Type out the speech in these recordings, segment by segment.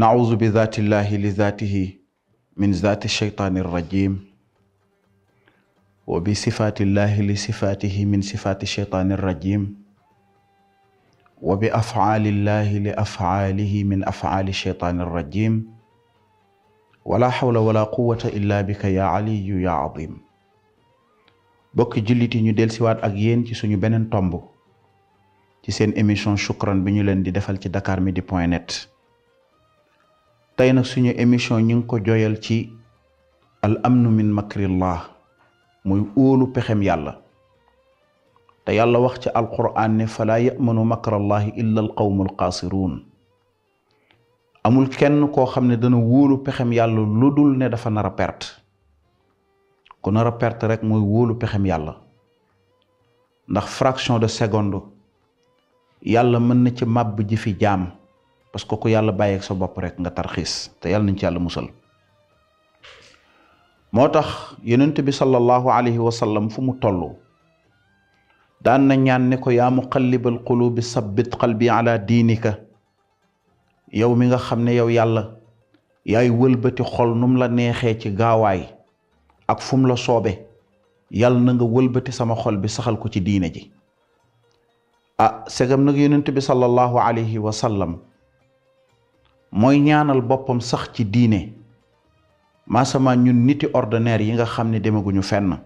nauzu bi zaatillahi li zaatihi min zaati shaytaani rajim wa bi sifaatillahi li sifaatihi min sifaati shaytaani rajim wa bi afaalillahi li afaalihi min afaali shaytaani rajim wala xawla wala quwwata illa bika ya aliyu ya azim bokki jullit yi ñu dellusiwaat ak yéen ci suñu beneen tomb ci seen émission shukran bi ñu leen di defal ci dakar midi point net tey nag suñu émission ñu ngi ko joyal ci al amnu min makrillah muy óolu pexem yàlla te yàlla wax ci alquran ne falaa yamanu makrallahi illa al qawmu al qaasiruun amul kenn koo xam ne dana wóolu pexem yàlla lu dul ne dafa nar a perte ku nar perte rek mooy wóolu pexem yàlla ndax fraction de seconde yàlla mën na ci màbb ji fi jaam parce que ku yàlla bàyyeeg sa bopp rek nga tarxiis te yàlla nañ ci yàlla musal moo tax yenentu bi sallallahu alayhi wa sallam fu mu toll daan na ñaan ne ko yaa muqallibal qulubi sabbit qalbi ala diinika yow mi nga xam ne yow yàlla yaay wëlbati xol num la neexee ci gaawaay ak fum la soobe yàlla na nga wëlbati sama xol bi saxal ko ci diine ji ah segam nag yonent bi sallallahu alayhi wa sallam mooy ñaanal boppam sax ci diine maasama ñun niti ordinair yi nga xam ne demaguñu fenn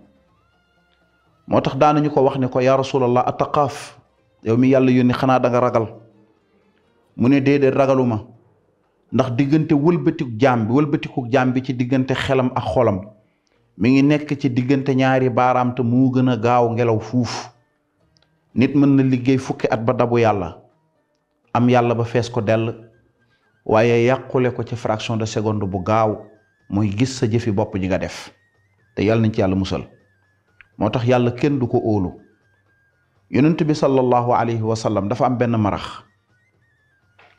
moo tax daanañu ko wax ne ko yaa rasulallah attaqaaf yow mi yàlla yónni xanaa danga ragal mu ne déedéet ragaluma ndax diggante wëlbatiku jaam bi ci diggante xelam ak xolam mu ngi nekk ci diggante ñaari baaraamta mu moo gën a gaaw ngelaw fuuf nit mën na liggéey fukki at ba dabu yàlla am yàlla ba fees ko dell waaye yàqule ko ci fraction de seconde bu gaaw mooy gis sa jëfi bopp ji nga def te yàlla nañ ci yàlla musal moo tax yàlla kenn du ko óolu yonent bi sallallahu alayhi wa sallam dafa am benn marax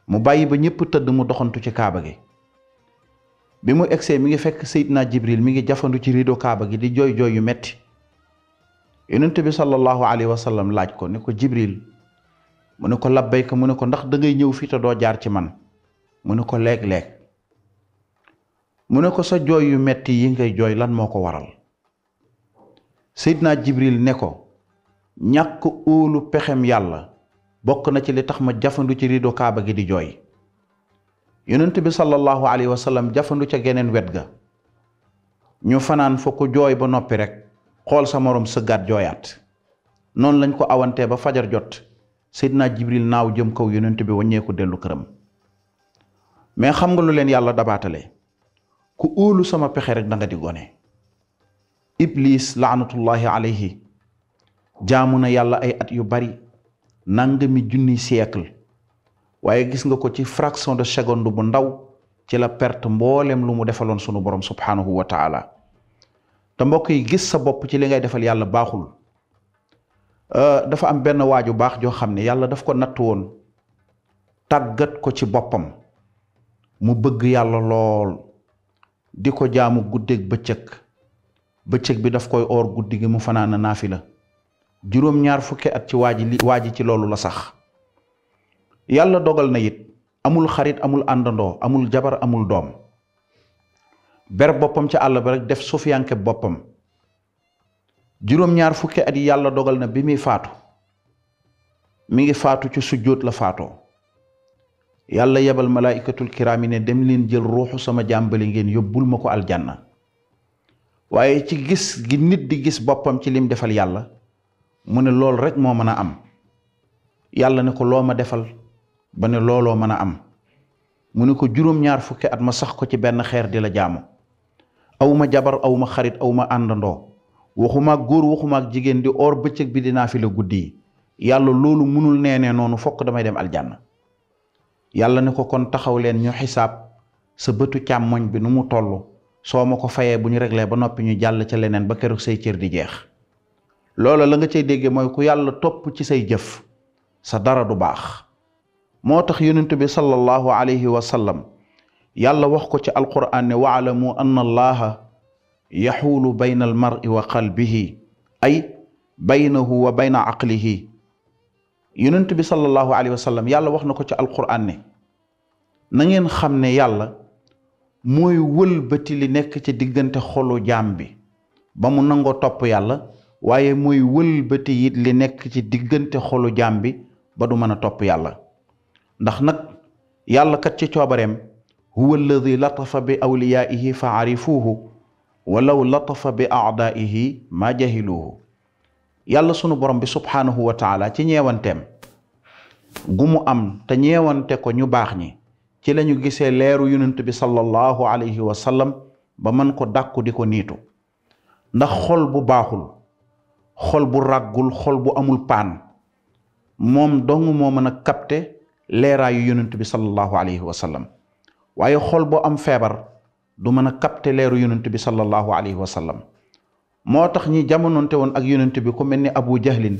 mu bàyyi ba ñëpp tëdd mu doxantu ci kaaba gi bi mu egsee mi ngi fekk naa Jibril mi ngi jafandu ci rido kaaba gi di jooy jooy yu metti yonent bi sallallahu alayhi wa sallam laaj ko ne ko Jibril mu ne ko labbayka mu ne ko ndax da ngay ñëw fii te doo jaar ci man mu ne ko léeg-léeg mu ne ko sa jooy yu metti yi ngay jooy lan moo ko waral Seydina Jibril ne ko ñàkk óolu pexem yàlla bokk na ci li tax ma jafandu ci rido kaaba gi di jooy yonent bi sallallahu alayhi wa sallam jafandu ca geneen wet ga ñu fanaan fa ko jooy ba noppi rek xool sa morom sëggaat jooyaat noonu lañ ko awantee ba fajar jot Seydina Jibril naaw jëm kaw yonent bi waññeeku dellu këram mais xam nga lu leen yàlla dabaatale ku óolu sama pexe rek da nga di gone iblis laanatullahi alayhi jaamu na yàlla ay at yu bari nangami junni siècle waaye gis nga ko ci fraction de seconde bu ndaw ci la perte mboolem lu mu defaloon sunu borom subhanahu wa taala te mbokk yi gis sa bopp ci li ngay defal yàlla baaxul euh, dafa am benn waaju baax joo xam ne yàlla daf ko natt woon tàggat ko ci boppam mu bëgg yàlla lool di ko jaamu guddeeg bëccëg bëccëg bi daf koy oor guddi gi mu fanaan la juróom-ñaar fukki at ci waaji li ci loolu la sax yàlla dogal na it amul xarit amul àndandoo amul jabar amul doom ber boppam ci àll ba rek def sufiyanke boppam juróom-ñaar fukki at yàlla dogal na bi muy faatu mu ngi faatu ci sujjóot la faatoo yàlla yebal malaayikatul kiraam yi ne dem leen jël ruuxu sama jàmbali ngeen yóbbul ma ko aljanna waaye ci gis gi nit di gis boppam ci lim defal yàlla mu ne lool rek moo mën a am yàlla ne ko loo ma defal ba ne looloo mën a am mu ne ko juróom-ñaar fukki at ma sax ko ci benn xeer di la jaamu aw jabar aw ma xarit aw ma àndandoo waxumaag góor waxumaag jigéen di or bëccëg bi dinaa fi la guddi yi yàlla loolu mënul nee ne noonu fokk damay dem aljanna yàlla ne ko kon taxaw leen ñu xisaab sa bëtu càmmoñ bi nu mu toll soo ma ko fayee bu ñu reglee ba noppi ñu jàll ca leneen ba keroog say cër di jeex loola la nga cay déggee mooy ku yàlla topp ci say jëf sa dara du baax moo tax yonent bi sallallahu alayhi wa sallam yàlla wax ko ci alquran ne waalamu anna allaha yaxuulu bayna almari wa qalbihi ay baynahu wa bayna aqlihi yonent bi sallallahu alayhi wa yàlla wax na ko ci alquran ne na xam ne yàlla mooy wëlbati li nekk ci diggante xolu jaam bi ba mu nangoo topp yàlla waaye mooy wëlbati it li nekk ci diggante xolu jaam bi ba du mën a topp yàlla ndax nag yàlla kat ci coobareem huwa alladi latafa bi awliyaihi fa arifuuhu walaw latafa bi aadaihi ma jahiluuhu yàlla sunu borom bi subhaanahu wa taala ci ñeewanteem gu mu am te ñeewante ko ñu baax ñi ci lañu gisee leeru yonent bi sallallahu alayhi wa sallam ba mën ko dàkku di ko niitu ndax xol bu baaxul xol bu ràggul xol bu amul paan moom dong moo mën a capter leeraayu yonent bi sallallahu alayhi wa sallam waaye xol bu am feebar du mën a capter leeru yonent bi sallallahu alayhi wa sallam moo tax ñi jamononte woon ak yonent bi ku mel ni abu jahlin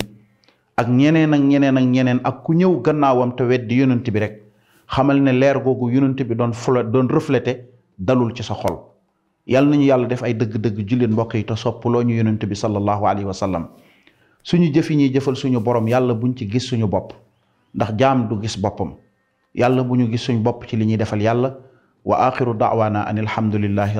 ak ñeneen ak ñeneen ak ñeneen ak ku ñëw gannaawam te weddi yonent bi rek xamal ne leer googu yonent bi doon fula doon reflété dalul ci sa xol yal nañu yàlla def ay dëgg-dëgg jullit mbokk yi te soppaloo ñu yonent bi sallallahu alayhi wa sallam suñu jëf yi ñuy jëfal suñu borom yàlla buñ ci gis suñu bopp ndax jaam du gis boppam yàlla bu ñu gis suñu bopp ci li ñuy defal yàlla wa axiru daawaana an alhamdulillahi